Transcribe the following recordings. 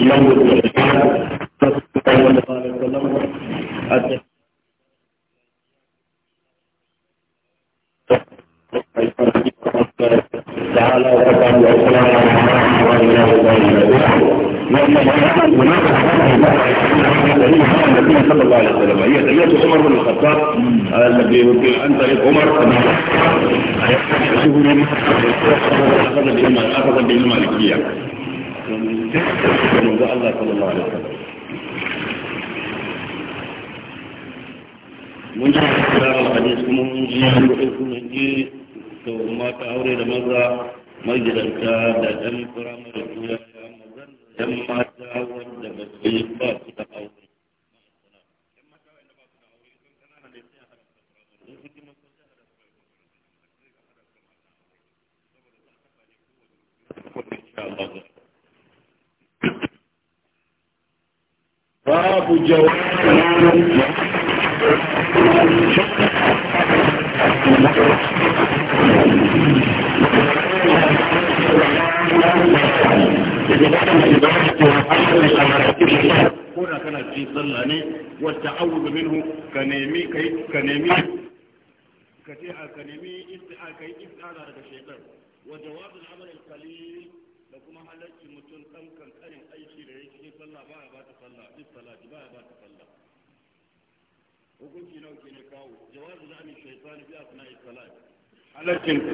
yawon da ya fi a cikin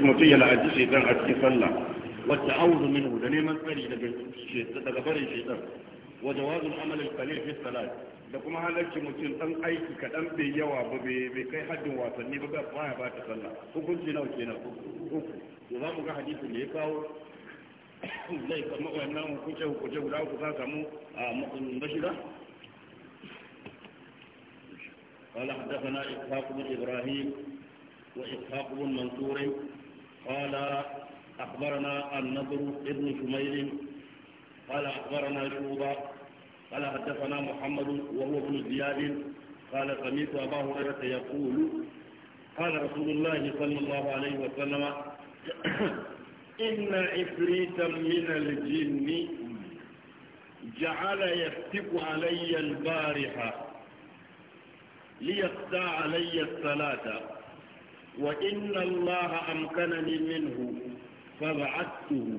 mutum ya la'aji shaitan a cikin sallah wata auzu minhu da neman tsari daga barin shaitan wa jawazul amal al-qalil fi salat da kuma halarci mutum dan aiki kaɗan bai yawa ba bai kai haddin wasanni ba baya ba ta sallah hukunci nawa kenan uku to za mu ga hadisin da ya kawo zai kama wannan hukunce hukunce guda uku za samu a matsayin bashira قال حدثنا إسحاق بن إبراهيم وإسحاق بن منصور قال أخبرنا النضر بن شميل قال أخبرنا شوبا قال حدثنا محمد وهو ابن زياد قال سمعت أبا هريرة يقول قال رسول الله صلى الله عليه وسلم إن عفريتا من الجن جعل يفتك علي البارحة ليقطع علي الصلاة وإن الله أمكنني منه فبعثته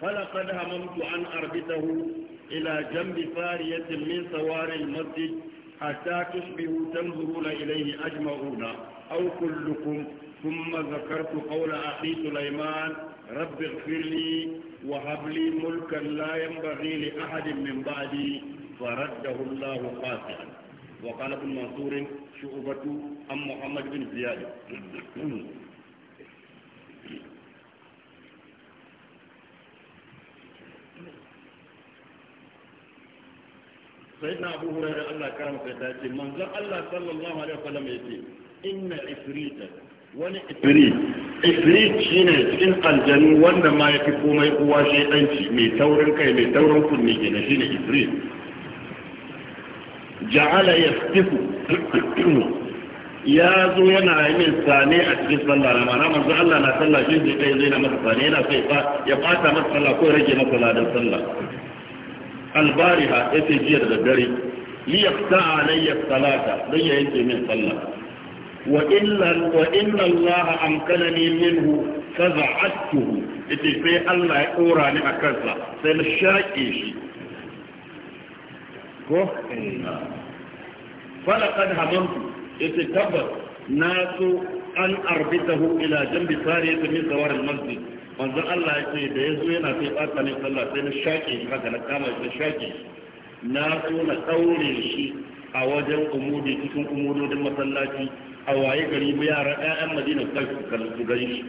فلقد هممت أن أربطه إلى جنب فارية من سوار المسجد حتى تصبحوا تنظرون إليه أجمعون أو كلكم ثم ذكرت قول أخي سليمان رب اغفر لي وهب لي ملكا لا ينبغي لأحد من بعدي فرده الله قاسعا وقال ابن منصور شعبة عن محمد بن زياد سيدنا أبو هريرة الله كرم سيداتي من ذا الله صلى الله عليه وسلم يتي إن إفريتا wani ifrit ifrit shine cikin aljanu wanda ma ya fi komai kowa shi ɗanci mai taurin kai mai taurin kunne ne shine ifrit ja'ala yaftihu ya zo yana yin sane a cikin sallah na mana manzo Allah na sallah shi zai kai zai na masa sane yana sai ya fata masa sallah ko rage masa ladan sallah albariha yace jiya da dare li yafta alayya salata dan ya yanke min sallah wa illa wa inna Allah amkanani minhu faza'atuhu yace sai Allah ya dora ni akan sa sai na shaƙe shi ko falakad hamamtu ita tabbas na so an arbitahu ila jambi ta min sawar masjid manzon Allah yace da yazo yana sai tsaka ne sallah sai na shaƙe, shi haka na kama shi shake na so na daure shi a wajen umudi cikin umudodin masallaci a waye gari yara ƴaƴan Madina kai su kalli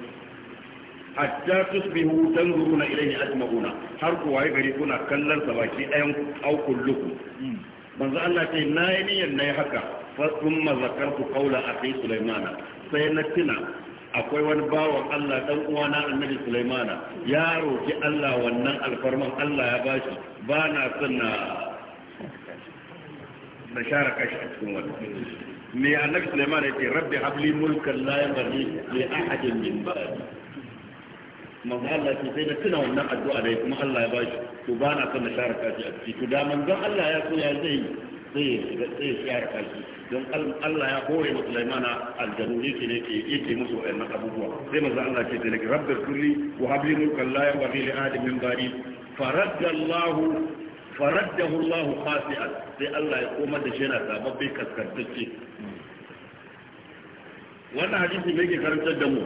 hatta tusbihu tanzuruna ilayhi asma'una har ku waye gari kuna kallon sa baki ɗayan au kullukum hmm. manzo Allah ce nayi niyyar nayi haka fa thumma zakartu qawla akhi sulaymana sai na tuna akwai wani bawan Allah dan uwana annabi sulaymana ya roki Allah wannan alfarman Allah ya bashi ba na son na share kashi a cikin wannan me annabi ya ce rabbi habli mulkan la yanbaghi li ahadin min ba'di manzo Allah ce sai da tuna wannan addu'a da kuma Allah ya bashi to ba na son na share kashi a ciki to da manzo Allah ya so ya zai zai zai share kashi don Allah ya hore wa Sulaimana aljanu yake ne ke yake musu wayannan abubuwa sai manzo Allah ce da rabbi kulli wa habli mulkan la yabghi li adam min bari faradda Allah faraddahu Allah khasi'an sai Allah ya komar da shi yana sababbe kaskantacce wannan hadisi me ke karantar da mu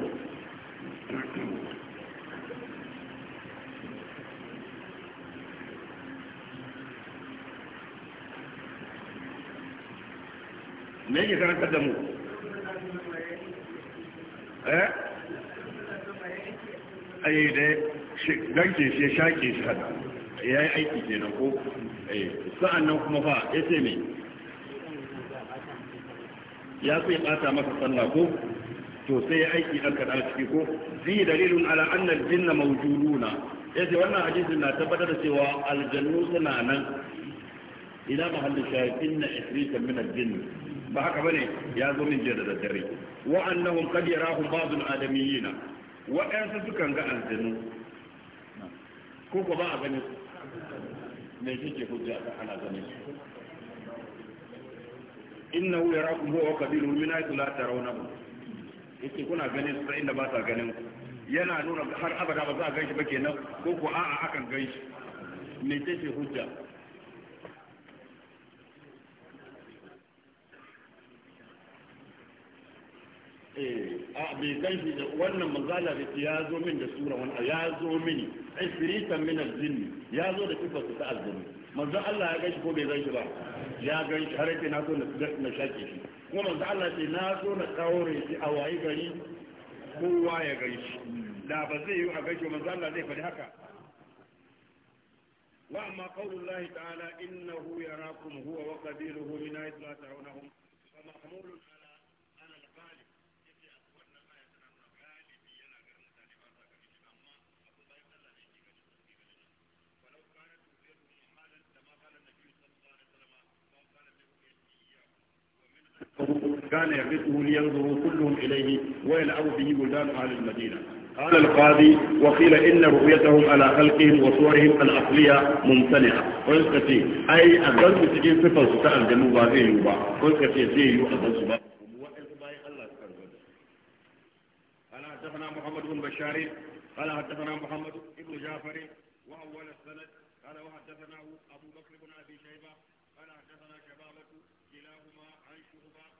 me yake karantar da mu eh ai dai ganke shi shake shi hada ya yi aiki kenan ko eh sa'an nan kuma fa ya ce me ya so ya bata masa sallah ko to sai ya aiki dan kada ciki ko zi dalilun ala anna al-jinna mawjuduna yace wannan hadisin na tabbatar da cewa aljannu suna nan ila mahallin shaytin na ifritan min al-jinn ba haka bane ya zo min jiya da daddare wa annahum qad yarahu ba'd al-adamiyyin wa ansu sukan ga aljannu ko ko ba a gani me kike hujja ana gani hu yarakum huwa wa min haythu la tarawnahu yake kuna ganin su inda ba ta ganin yana nuna har abada ba za a ganshi ba kenan ko ko a'a akan ganshi me kike hujja Eh, a bai san shi da wannan mazala da ya zo min da sura wani ya zo mini isritan min aljinni ya zo da kifa su ta aljinni manzo Allah ya gashi ko bai gan shi ba ya gan shi har yake na zo na shake shi kuma manzo Allah ce na zo na kaure shi a wayi gari kowa ya gan shi da ba zai yi a gashi manzo Allah zai faɗi haka Wa وأما قول ta'ala innahu yarakum huwa wa وقبيله min ayati la ta'unahum fa mahmulun كان يبيته لينظروا كلهم إليه ويلعب به بلدان أهل المدينة قال القاضي وقيل إن رؤيتهم على خلقهم وصورهم الأصلية ممتنعة ويسكتي أي أقل تجين صفة ستاء الجنوب هذه يوبا ويسكتي زي يؤذن سبا قال حدثنا محمد بن بشار قال حدثنا محمد بن جعفر وأول السند قال وحدثناه أبو بكر بن أبي شيبة قال حدثنا شبابة كلاهما عن شعبة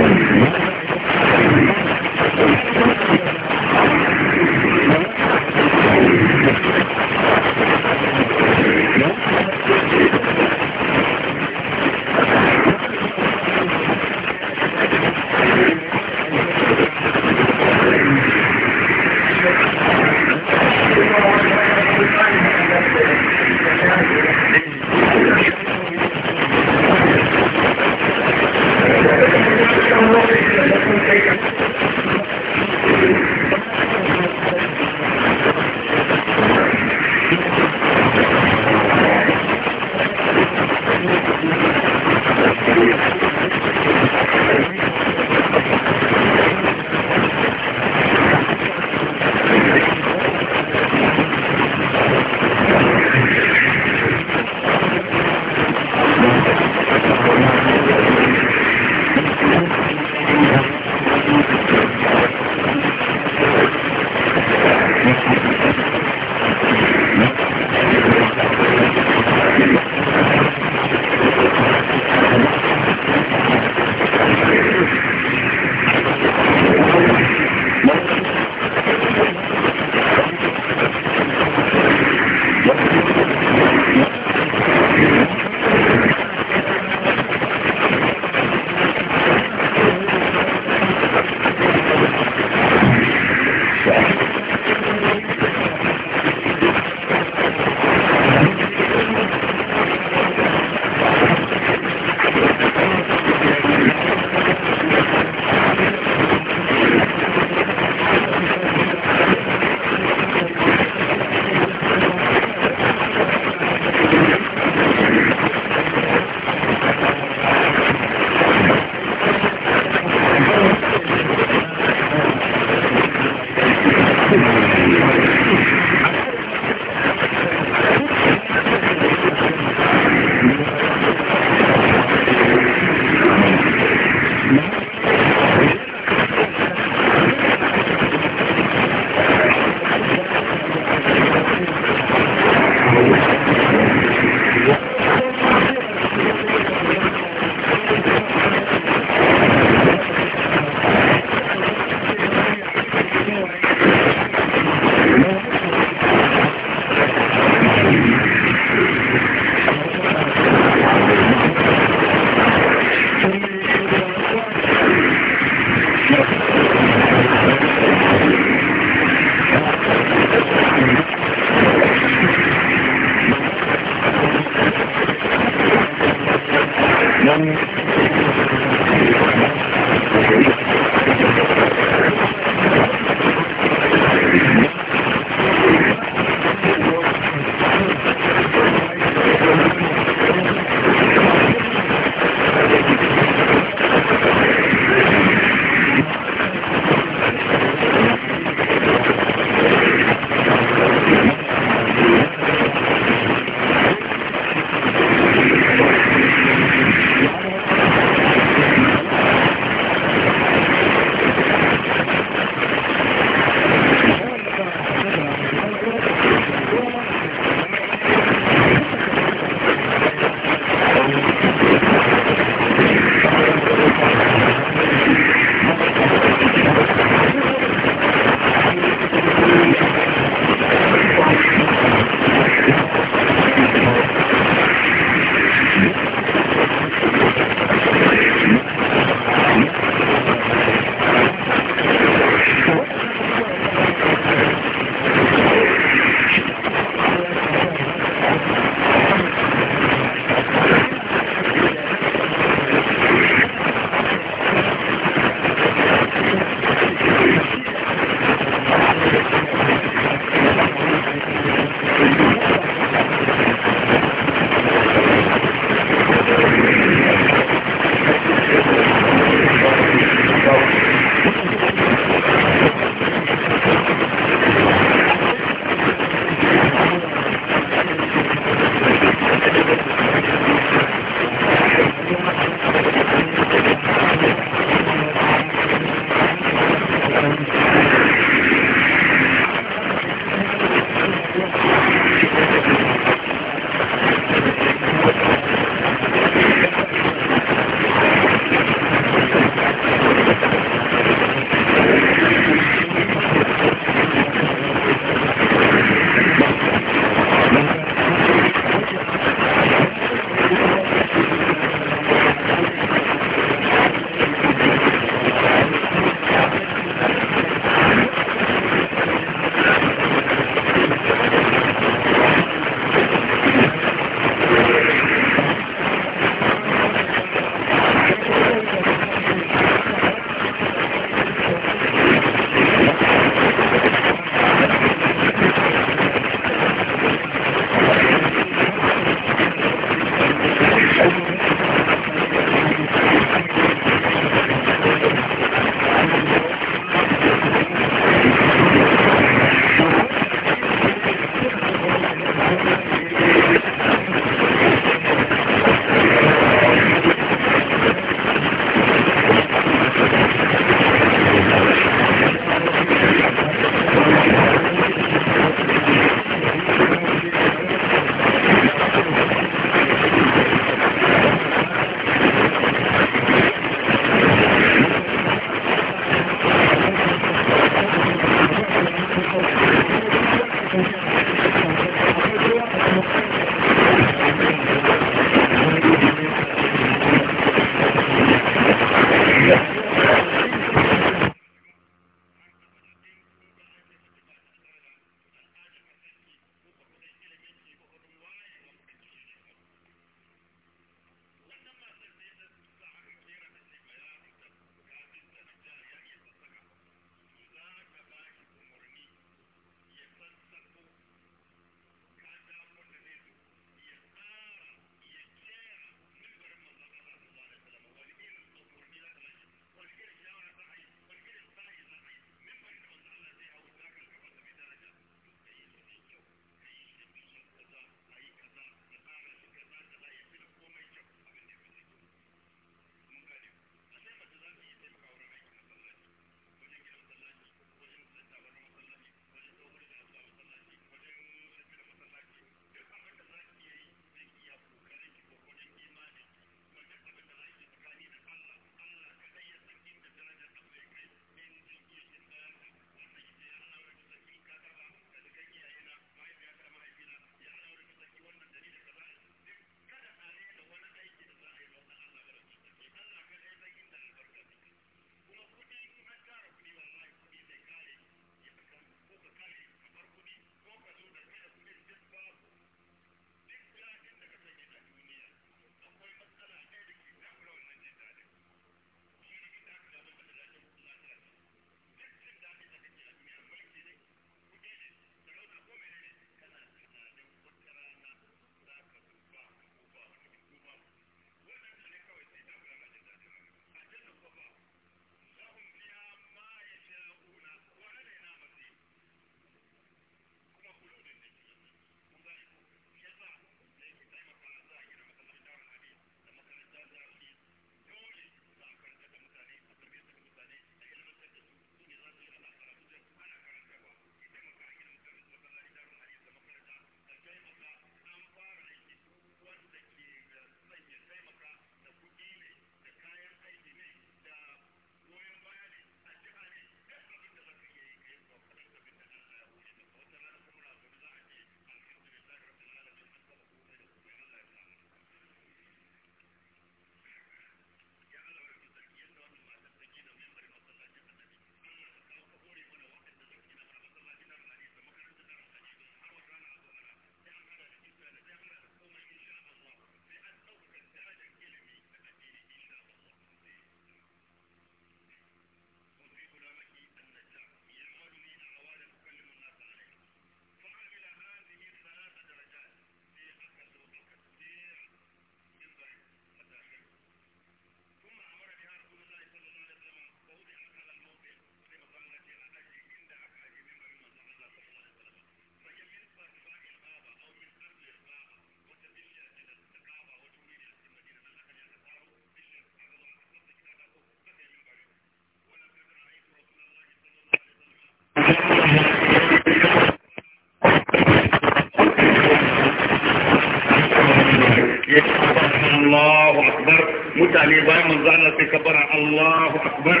mutane bayan manzo Allah sai kabara Allahu akbar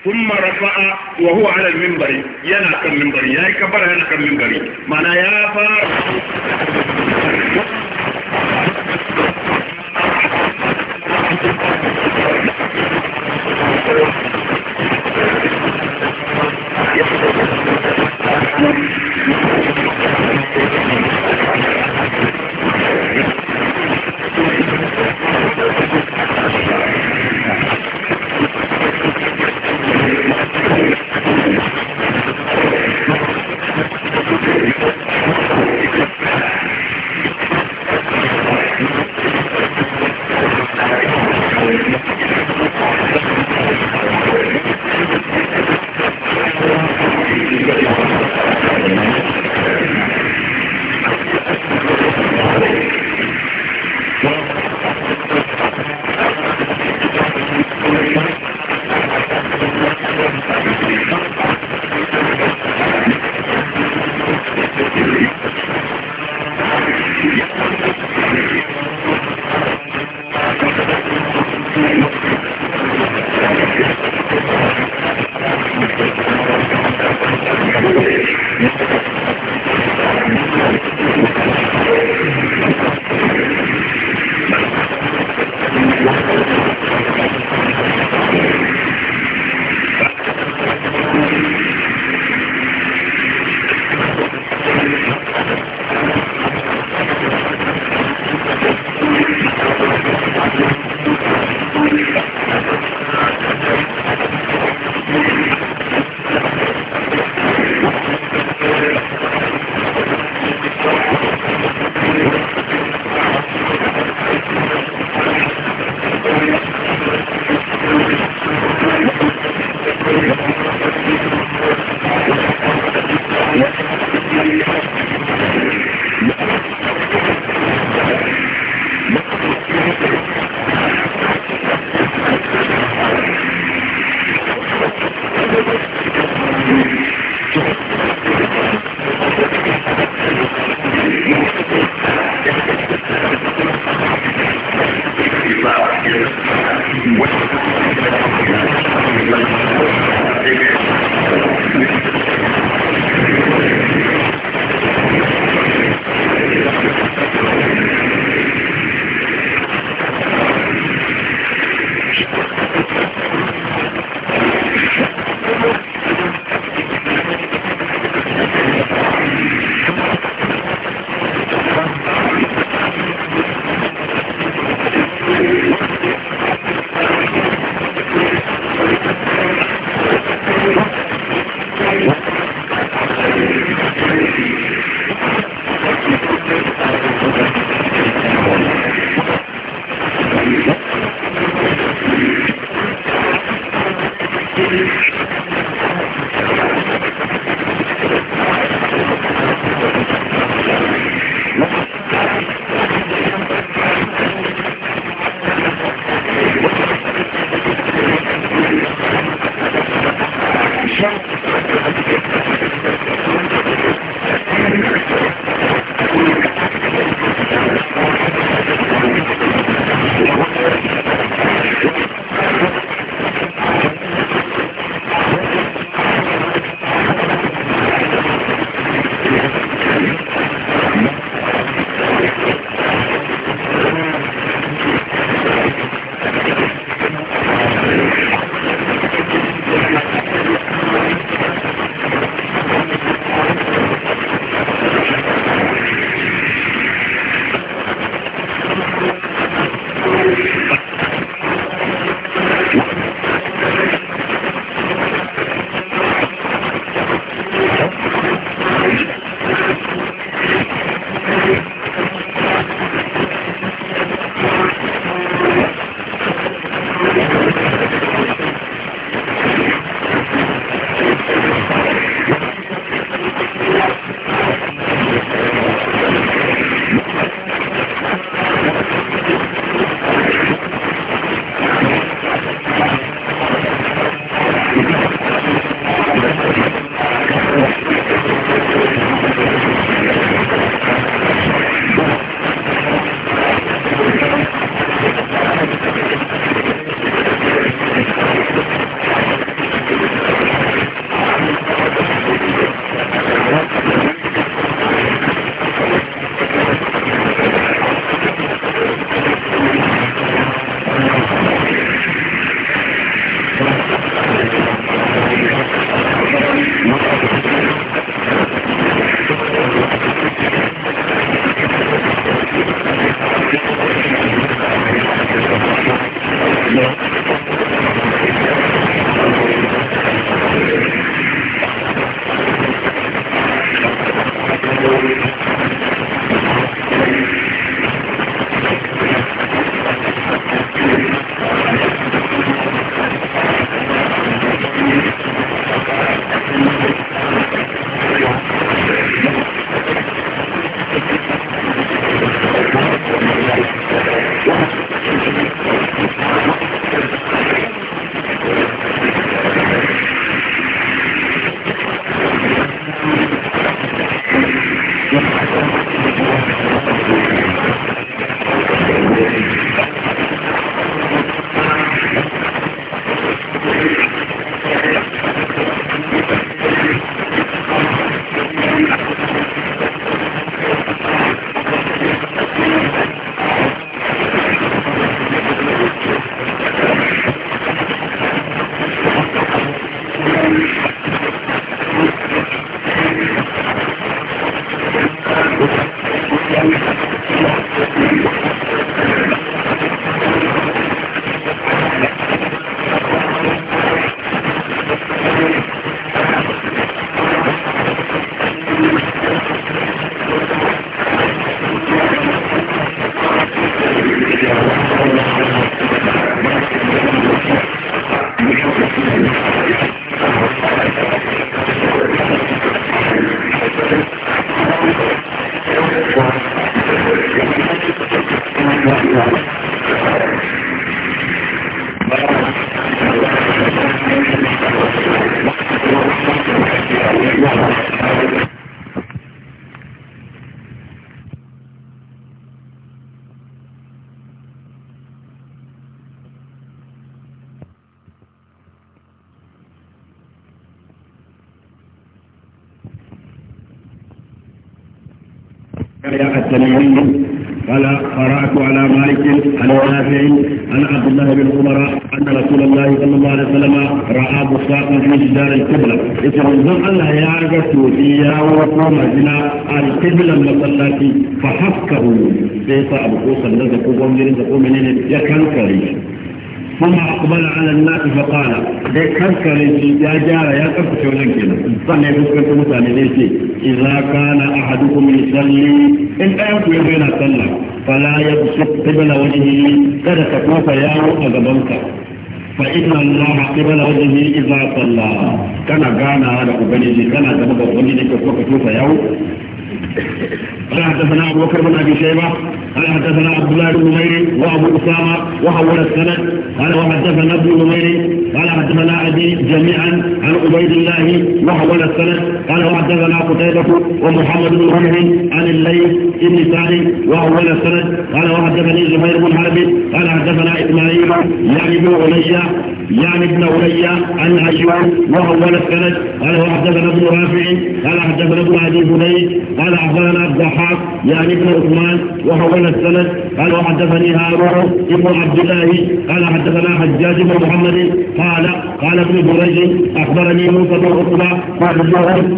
ثم رفع وهو على المنبر ينا كم منبر يا كبر ينا كم منبر معنى يا فار فأقبل على الناس فقال ذكر كليتي يا جارة يا كفت ولن كنا صلى يفسكن تمتع لديتي إذا كان أحدكم يصلي إن أيوك يبين صلى فلا يبسط قبل وجهه كذا تكوف يا أغبنك فإن الله قبل وجهه إذا صلى كان غانا هذا قبل كان تبقى قبل لك وكتوف يا قال حدثنا ابو بكر بن ابي شيبه قال حدثنا عبد الله بن نمير وابو اسامه وحول السند قال وحدثنا ابن نمير قال حدثنا ابي جميعا عن عبيد الله وحول السند قال وحدثنا قتيبة ومحمد بن رمح عن الليث بن سعد وحول السند قال وحدثني زهير بن حرب قال حدثنا اسماعيل يعني بن علي يعني ابن علي عن أيوب وهو السند قال وحدثنا ابن رافع قال حدثنا ابن أبي بني قال أخبرنا الضحاك يعني ابن عثمان وهو السند قال وحدثني هارون ابن عبد الله قال حدثنا حجاج بن محمد قال قال ابن جريج أخبرني موسى بن عقبة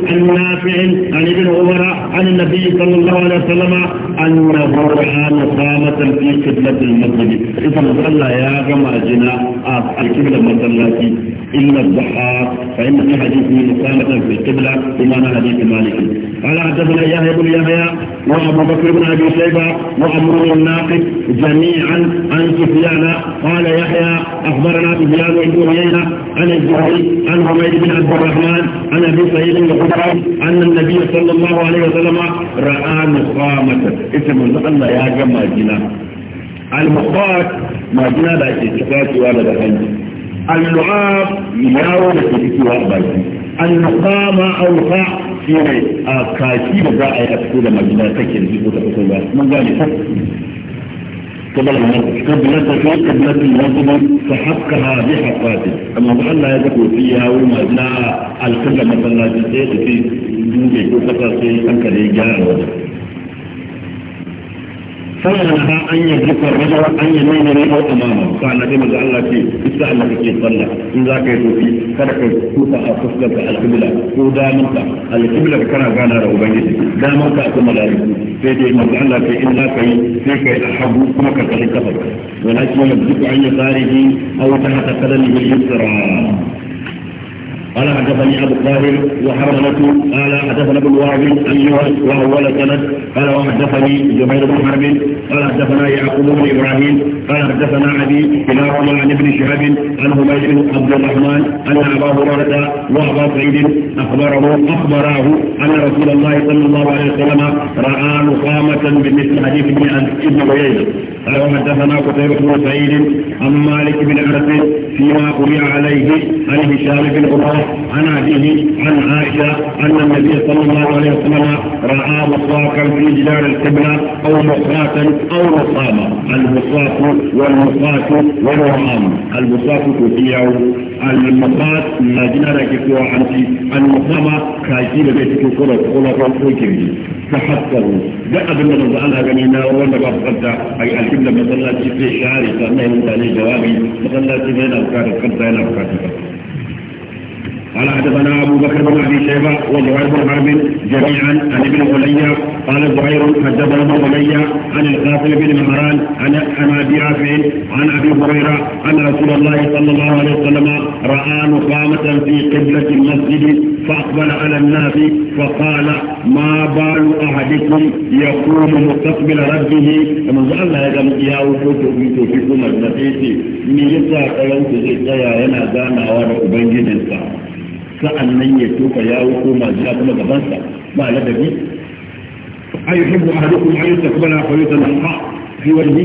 عن نافع عن ابن عمر عن النبي صلى الله عليه وسلم أنه رأى مقامة في قبلة المسجد إذا الله يا جماعة آه، القبلة المسلاتي إلا الضحاك فإن في حديثه مسامة في القبلة إمام حديث مالك قال حدثنا يحيى بن يحيى وأبو بكر بن أبي شيبة وعمر الناقد جميعا عن سفيان قال يحيى أخبرنا سفيان بن عيينة عن الزهري عن حميد بن عبد الرحمن عن أبي سعيد الخدري أن النبي صلى الله عليه وسلم رأى مقامة اسم الله يا جماعة المقات ما جنا لا يتفاتي ولا بحنجي اللعاب yawo da ke fitowa a baki annukama auka shi ne a تكين في قوة a من قال fito da majina take da fito da fito ba mun gane ta قبل قبلة في قبلة الوضم فحقها بحقاته أما بحال لا يذكر فيها وما لا القبلة مثلا في في دوبي وفتر في أنك ليجان وضم فينفع ان يدرك ان ينام او امامه قال النبي ماذا في استحل في كيف ان ذاك يسوس كرك كوسا اصفك في القبله هو دامنك القبله غانا روبانيس دامنك اكون ملايين فيدي في ان ذاك فيك احب كمك في ولكن يدرك ان يساره او تحت قدمه اليسرى قال حدثني ابو طاهر وحرمته قال حدثنا ابو الواعي ايها الاخوه سند قال وحدثني جبير بن حرب قال حدثنا يعقوب بن ابراهيم قال حدثنا ابي كلاهما عن ابن شهاب عن بن عبد الرحمن ان ابا هريره وابا سعيد اخبره اخبراه ان رسول الله صلى الله عليه وسلم راى نقامه بمثل حديث ابن ابن بيين قال وحدثنا قتيبة بن سعيد عن مالك بن انس فيما قرئ عليه عن هشام بن عروه عن ابيه عن عائشه ان النبي صلى الله عليه وسلم راى مصاكا في جدار القبله او مصاكا او مصاما هو والمصاف والرعام المصاف كوفية المصاف ما جنا ركوا عن المصاف كاجيل بيتكو كرة كرة كوكيم تحسروا جاء بالنظر على غنينا وانا بفضل اي الكبلة مثلا في شعري فانا يمتعني جوابي مثلا تبين اوكار الخمسة هنا اوكار الخمسة قال حدثنا ابو بكر بن ابي شيبه وزهير بن حرب جميعا عن ابن علي قال زهير حدثنا ابن علي عن القاسم بن مهران عن ابي رافع عن ابي هريره ان رسول الله صلى الله عليه وسلم راى نقامه في قبله المسجد فاقبل على الناس فقال ما بال احدكم يقوم مستقبل ربه من لا الله يا وجود في توفيق مجلس من يسعى قيامته زي يا انا دانا وانا ubangijinsa sa'an nan ya toka yawo ko majina kuma gabansa ba ladabi a yi hibbu a hadukun a yi takbala a yi tana fi wani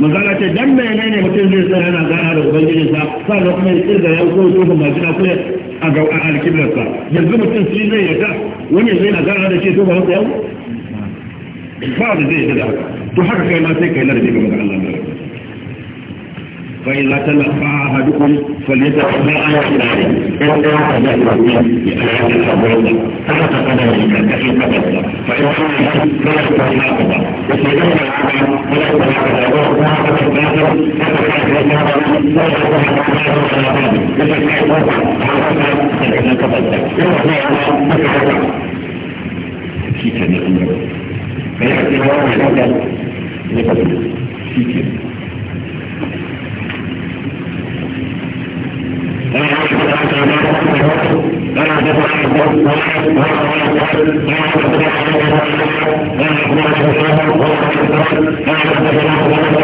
magana ce dan mai ne ne mutum zai sa yana gana da ubangiji sa sa da kuma ya tsirga ya ko toka majina ko a ga alkiblar sa yanzu mutum shi zai yarda wani zai na gana da shi toka masa yau ba da zai yarda da haka to haka kai ma sai kai ladabi ga magana Allah فإذا تلقى أحدكم ما على آية خلاله إن لا تدعوه لأحد الأبواب فقد في كفي قدمك فإن كان فلا تتناقض وسيدنا العبد فلا تتناقض وقد في فتكاد يتناقض ولا تتناقض على بابه وتكاد وضع عرفت فتناقضت يوحي على مكعبه في كان الأمر فيأتي الله عز وجل لقبله في كان Thank you.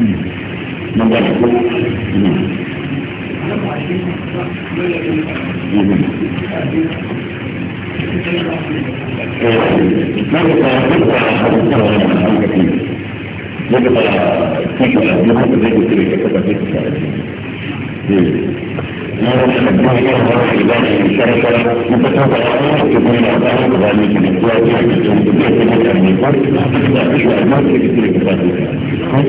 من ذ ل a Thank u y o a मैं समझता हूँ बहुत परिवार विचार कर मैं पता कर रहा हूँ कि मैं आता हूँ भगवान की विद्या की अभिषेक को देखने करने पर किसी का किसी के साथ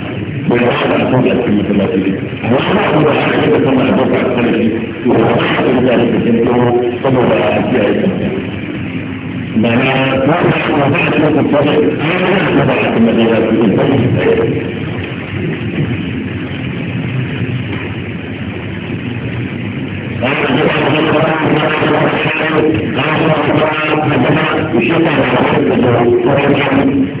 ويحصل الفضل في المتماثلين وانا اقول لك كده ثم البركه الخلفي ووضحت ذلك جنته ثم بقى في اي معناها ما وضحت لك الفضل انا وضحت المدينه في الفضل Thank you.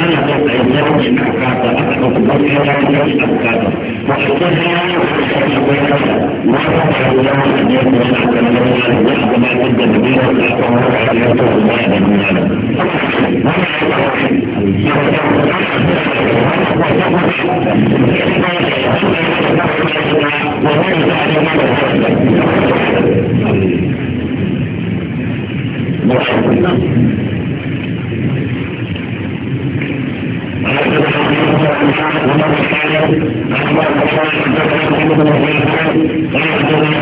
أنا أقول إنهم المحكاة أتقوا الله يجعل الأبكاد وحسنها وحسنها الله أن يكون أحد الله وحد ما تد بيه وأقوم على يده الله من العالم Thank you. ومن كان يحب ان يكون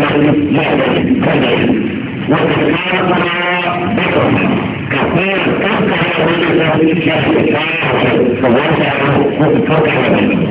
لهم لحظة بدل وتفارقنا بكم كثير كثر من الناس يشاهد الشارع ووضعه فوق العالم